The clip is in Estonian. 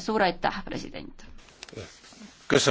suur aitäh, president!